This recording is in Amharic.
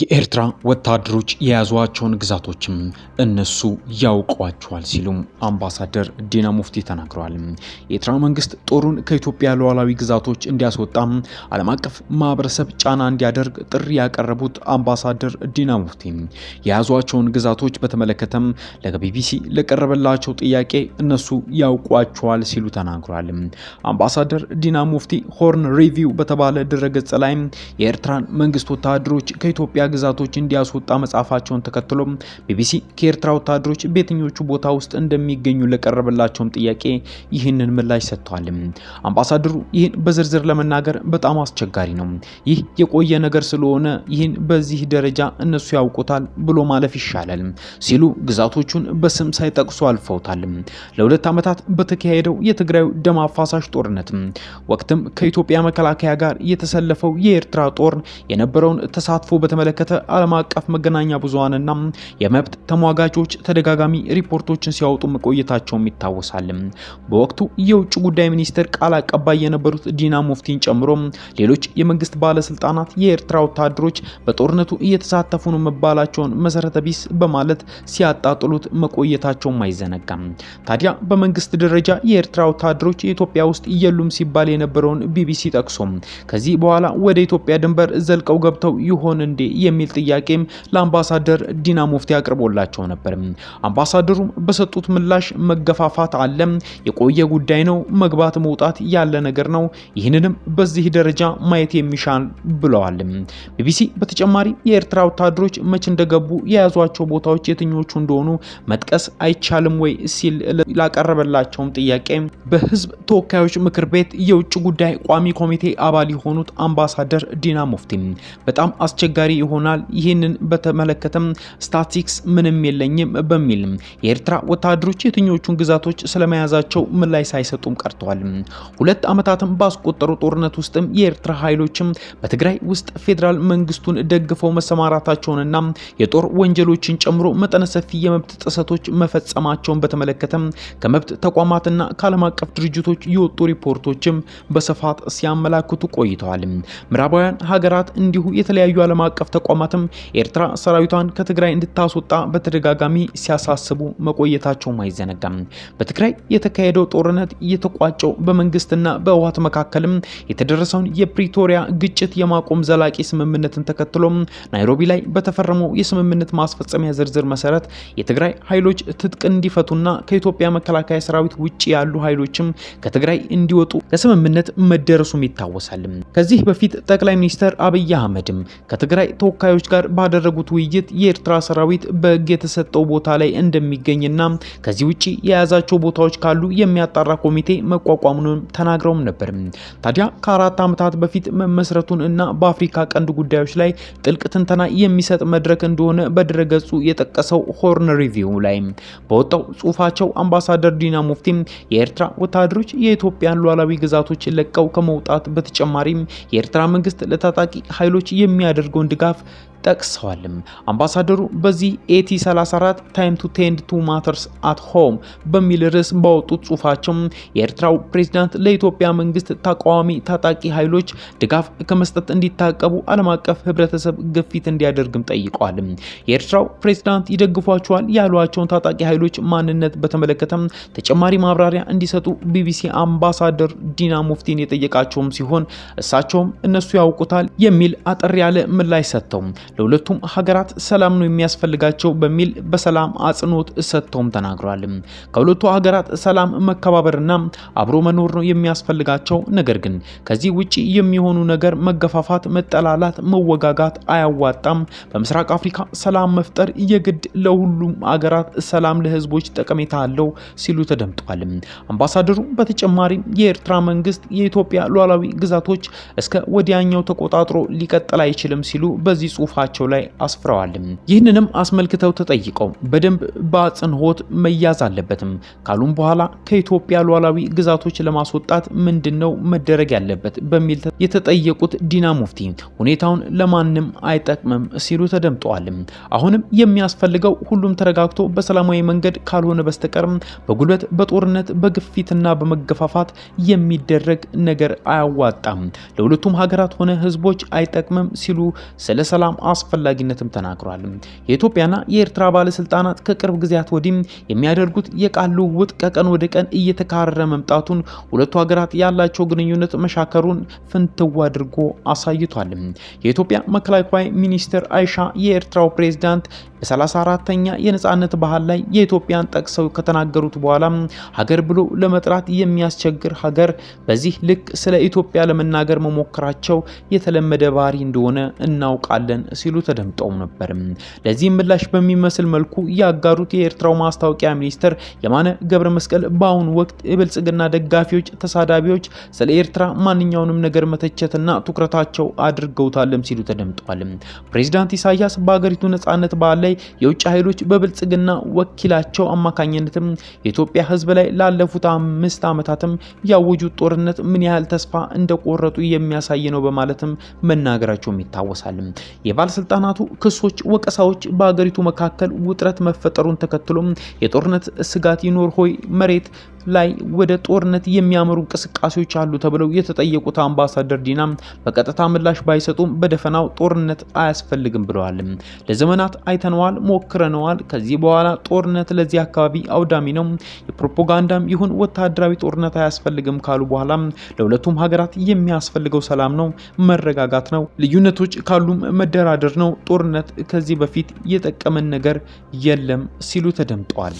የኤርትራ ወታደሮች የያዟቸውን ግዛቶችም እነሱ ያውቋቸዋል ሲሉም አምባሳደር ዲና ሙፍቲ ተናግረዋል። የኤርትራ መንግስት ጦሩን ከኢትዮጵያ ሉዓላዊ ግዛቶች እንዲያስወጣም ዓለም አቀፍ ማህበረሰብ ጫና እንዲያደርግ ጥሪ ያቀረቡት አምባሳደር ዲና ሙፍቲ የያዟቸውን ግዛቶች በተመለከተም ለቢቢሲ ለቀረበላቸው ጥያቄ እነሱ ያውቋቸዋል ሲሉ ተናግረዋል። አምባሳደር ዲና ሙፍቲ ሆርን ሪቪው በተባለ ድረገጽ ላይ የኤርትራን መንግስት ወታደሮች ከኢትዮጵያ ከኢትዮጵያ ግዛቶች እንዲያስወጣ መጻፋቸውን ተከትሎ ቢቢሲ ከኤርትራ ወታደሮች በየትኞቹ ቦታ ውስጥ እንደሚገኙ ለቀረበላቸውም ጥያቄ ይህንን ምላሽ ሰጥተዋል። አምባሳደሩ ይህን በዝርዝር ለመናገር በጣም አስቸጋሪ ነው። ይህ የቆየ ነገር ስለሆነ ይህን በዚህ ደረጃ እነሱ ያውቁታል ብሎ ማለፍ ይሻላል ሲሉ ግዛቶቹን በስም ሳይጠቅሱ አልፈውታል። ለሁለት ዓመታት በተካሄደው የትግራዩ ደም አፋሳሽ ጦርነት ወቅትም ከኢትዮጵያ መከላከያ ጋር የተሰለፈው የኤርትራ ጦር የነበረውን ተሳትፎ በተመለ በተመለከተ ዓለም አቀፍ መገናኛ ብዙሃንና የመብት ተሟጋቾች ተደጋጋሚ ሪፖርቶችን ሲያወጡ መቆየታቸውም ይታወሳል። በወቅቱ የውጭ ጉዳይ ሚኒስቴር ቃል አቀባይ የነበሩት ዲና ሙፍቲን ጨምሮ ሌሎች የመንግስት ባለስልጣናት የኤርትራ ወታደሮች በጦርነቱ እየተሳተፉ ነው መባላቸውን መሰረተ ቢስ በማለት ሲያጣጥሉት መቆየታቸውም አይዘነጋም። ታዲያ በመንግስት ደረጃ የኤርትራ ወታደሮች ኢትዮጵያ ውስጥ የሉም ሲባል የነበረውን ቢቢሲ ጠቅሶ ከዚህ በኋላ ወደ ኢትዮጵያ ድንበር ዘልቀው ገብተው ይሆን እንዴ የሚል ጥያቄም ለአምባሳደር ዲና ሙፍቲ አቅርቦላቸው ነበር። አምባሳደሩም በሰጡት ምላሽ መገፋፋት አለ፣ የቆየ ጉዳይ ነው፣ መግባት መውጣት ያለ ነገር ነው፣ ይህንንም በዚህ ደረጃ ማየት የሚሻል ብለዋል። ቢቢሲ በተጨማሪ የኤርትራ ወታደሮች መቼ እንደገቡ የያዟቸው ቦታዎች የትኞቹ እንደሆኑ መጥቀስ አይቻልም ወይ ሲል ላቀረበላቸውም ጥያቄ በህዝብ ተወካዮች ምክር ቤት የውጭ ጉዳይ ቋሚ ኮሚቴ አባል የሆኑት አምባሳደር ዲና ሙፍቲ በጣም አስቸጋሪ ይሆናል። ይህንን በተመለከተም ስታቲክስ ምንም የለኝም በሚል የኤርትራ ወታደሮች የትኞቹን ግዛቶች ስለመያዛቸው ምላሽ ሳይሰጡም ቀርተዋል። ሁለት ዓመታትም ባስቆጠሩ ጦርነት ውስጥም የኤርትራ ኃይሎችም በትግራይ ውስጥ ፌዴራል መንግስቱን ደግፈው መሰማራታቸውንና የጦር ወንጀሎችን ጨምሮ መጠነ ሰፊ የመብት ጥሰቶች መፈጸማቸውን በተመለከተም ከመብት ተቋማትና ከዓለም አቀፍ ድርጅቶች የወጡ ሪፖርቶችም በስፋት ሲያመላክቱ ቆይተዋል። ምዕራባውያን ሀገራት እንዲሁ የተለያዩ ዓለም አቀፍ ተቋማትም ኤርትራ ሰራዊቷን ከትግራይ እንድታስወጣ በተደጋጋሚ ሲያሳስቡ መቆየታቸውም አይዘነጋም። በትግራይ የተካሄደው ጦርነት እየተቋጨው በመንግስትና በህወሓት መካከልም የተደረሰውን የፕሪቶሪያ ግጭት የማቆም ዘላቂ ስምምነትን ተከትሎ ናይሮቢ ላይ በተፈረመው የስምምነት ማስፈጸሚያ ዝርዝር መሰረት የትግራይ ኃይሎች ትጥቅ እንዲፈቱና ከኢትዮጵያ መከላከያ ሰራዊት ውጭ ያሉ ኃይሎችም ከትግራይ እንዲወጡ ከስምምነት መደረሱም ይታወሳል። ከዚህ በፊት ጠቅላይ ሚኒስትር አብይ አህመድም ከትግራይ ተወካዮች ጋር ባደረጉት ውይይት የኤርትራ ሰራዊት በህግ የተሰጠው ቦታ ላይ እንደሚገኝና ከዚህ ውጭ የያዛቸው ቦታዎች ካሉ የሚያጣራ ኮሚቴ መቋቋሙንም ተናግረውም ነበር። ታዲያ ከአራት ዓመታት በፊት መመስረቱን እና በአፍሪካ ቀንድ ጉዳዮች ላይ ጥልቅ ትንተና የሚሰጥ መድረክ እንደሆነ በድረገጹ የጠቀሰው ሆርን ሪቪው ላይ በወጣው ጽሁፋቸው አምባሳደር ዲና ሙፍቲ የኤርትራ ወታደሮች የኢትዮጵያን ሉዓላዊ ግዛቶች ለቀው ከመውጣት በተጨማሪም የኤርትራ መንግስት ለታጣቂ ኃይሎች የሚያደርገውን ድጋፍ stuff ጠቅሰዋልም። አምባሳደሩ በዚህ ኤቲ 34 ታይም ቱ ቴንድ ቱ ማተርስ አት ሆም በሚል ርዕስ ባወጡት ጽሁፋቸው የኤርትራው ፕሬዝዳንት ለኢትዮጵያ መንግስት ተቃዋሚ ታጣቂ ኃይሎች ድጋፍ ከመስጠት እንዲታቀቡ ዓለም አቀፍ ህብረተሰብ ግፊት እንዲያደርግም ጠይቀዋል። የኤርትራው ፕሬዝዳንት ይደግፏቸዋል ያሏቸውን ታጣቂ ኃይሎች ማንነት በተመለከተም ተጨማሪ ማብራሪያ እንዲሰጡ ቢቢሲ አምባሳደር ዲና ሙፍቲን የጠየቃቸውም ሲሆን እሳቸውም እነሱ ያውቁታል የሚል አጠር ያለ ምላሽ ሰጥተው ለሁለቱም ሀገራት ሰላም ነው የሚያስፈልጋቸው በሚል በሰላም አጽንኦት ሰጥተውም ተናግሯል። ከሁለቱ ሀገራት ሰላም፣ መከባበርና አብሮ መኖር ነው የሚያስፈልጋቸው። ነገር ግን ከዚህ ውጪ የሚሆኑ ነገር መገፋፋት፣ መጠላላት፣ መወጋጋት አያዋጣም። በምስራቅ አፍሪካ ሰላም መፍጠር የግድ ለሁሉም ሀገራት ሰላም ለህዝቦች ጠቀሜታ አለው ሲሉ ተደምጧል። አምባሳደሩ በተጨማሪም የኤርትራ መንግስት የኢትዮጵያ ሉዓላዊ ግዛቶች እስከ ወዲያኛው ተቆጣጥሮ ሊቀጥል አይችልም ሲሉ በዚህ ጽሁፋ ገጻቸው ላይ አስፍረዋል። ይህንንም አስመልክተው ተጠይቀው በደንብ በአጽንኦት መያዝ አለበትም ካሉም በኋላ ከኢትዮጵያ ሉዓላዊ ግዛቶች ለማስወጣት ምንድነው መደረግ ያለበት በሚል የተጠየቁት ዲና ሙፍቲ ሁኔታውን ለማንም አይጠቅምም ሲሉ ተደምጠዋል። አሁንም የሚያስፈልገው ሁሉም ተረጋግቶ በሰላማዊ መንገድ ካልሆነ በስተቀር በጉልበት በጦርነት በግፊትና በመገፋፋት የሚደረግ ነገር አያዋጣም፣ ለሁለቱም ሀገራት ሆነ ህዝቦች አይጠቅምም ሲሉ ስለ ሰላም አስፈላጊነትም ተናግሯል። የኢትዮጵያና የኤርትራ ባለስልጣናት ከቅርብ ጊዜያት ወዲህ የሚያደርጉት የቃል ልውውጥ ከቀን ወደ ቀን እየተካረረ መምጣቱን ሁለቱ ሀገራት ያላቸው ግንኙነት መሻከሩን ፍንትው አድርጎ አሳይቷል። የኢትዮጵያ መከላከያ ሚኒስትር አይሻ የኤርትራው ፕሬዝዳንት በ34ተኛ የነጻነት ባህል ላይ የኢትዮጵያን ጠቅሰው ከተናገሩት በኋላ ሀገር ብሎ ለመጥራት የሚያስቸግር ሀገር በዚህ ልክ ስለ ኢትዮጵያ ለመናገር መሞከራቸው የተለመደ ባህሪ እንደሆነ እናውቃለን ሲሉ ተደምጠው ነበር። ለዚህም ምላሽ በሚመስል መልኩ ያጋሩት የኤርትራው ማስታወቂያ ሚኒስትር የማነ ገብረ መስቀል በአሁኑ ወቅት የብልጽግና ደጋፊዎች፣ ተሳዳቢዎች ስለ ኤርትራ ማንኛውንም ነገር መተቸትና ትኩረታቸው አድርገውታልም ሲሉ ተደምጠዋል። ፕሬዚዳንት ኢሳያስ በሀገሪቱ ነጻነት በዓል ላይ የውጭ ኃይሎች በብልጽግና ወኪላቸው አማካኝነትም የኢትዮጵያ ሕዝብ ላይ ላለፉት አምስት ዓመታትም ያወጁት ጦርነት ምን ያህል ተስፋ እንደቆረጡ የሚያሳይ ነው በማለትም መናገራቸውም ይታወሳል። ባለስልጣናቱ ክሶች፣ ወቀሳዎች በአገሪቱ መካከል ውጥረት መፈጠሩን ተከትሎም የጦርነት ስጋት ይኖር ሆይ መሬት ላይ ወደ ጦርነት የሚያመሩ እንቅስቃሴዎች አሉ ተብለው የተጠየቁት አምባሳደር ዲና በቀጥታ ምላሽ ባይሰጡም በደፈናው ጦርነት አያስፈልግም ብለዋል። ለዘመናት አይተነዋል፣ ሞክረነዋል። ከዚህ በኋላ ጦርነት ለዚህ አካባቢ አውዳሚ ነው። የፕሮፓጋንዳም ይሁን ወታደራዊ ጦርነት አያስፈልግም ካሉ በኋላ ለሁለቱም ሀገራት የሚያስፈልገው ሰላም ነው፣ መረጋጋት ነው። ልዩነቶች ካሉም መደራደር ነው። ጦርነት ከዚህ በፊት የጠቀመን ነገር የለም ሲሉ ተደምጠዋል።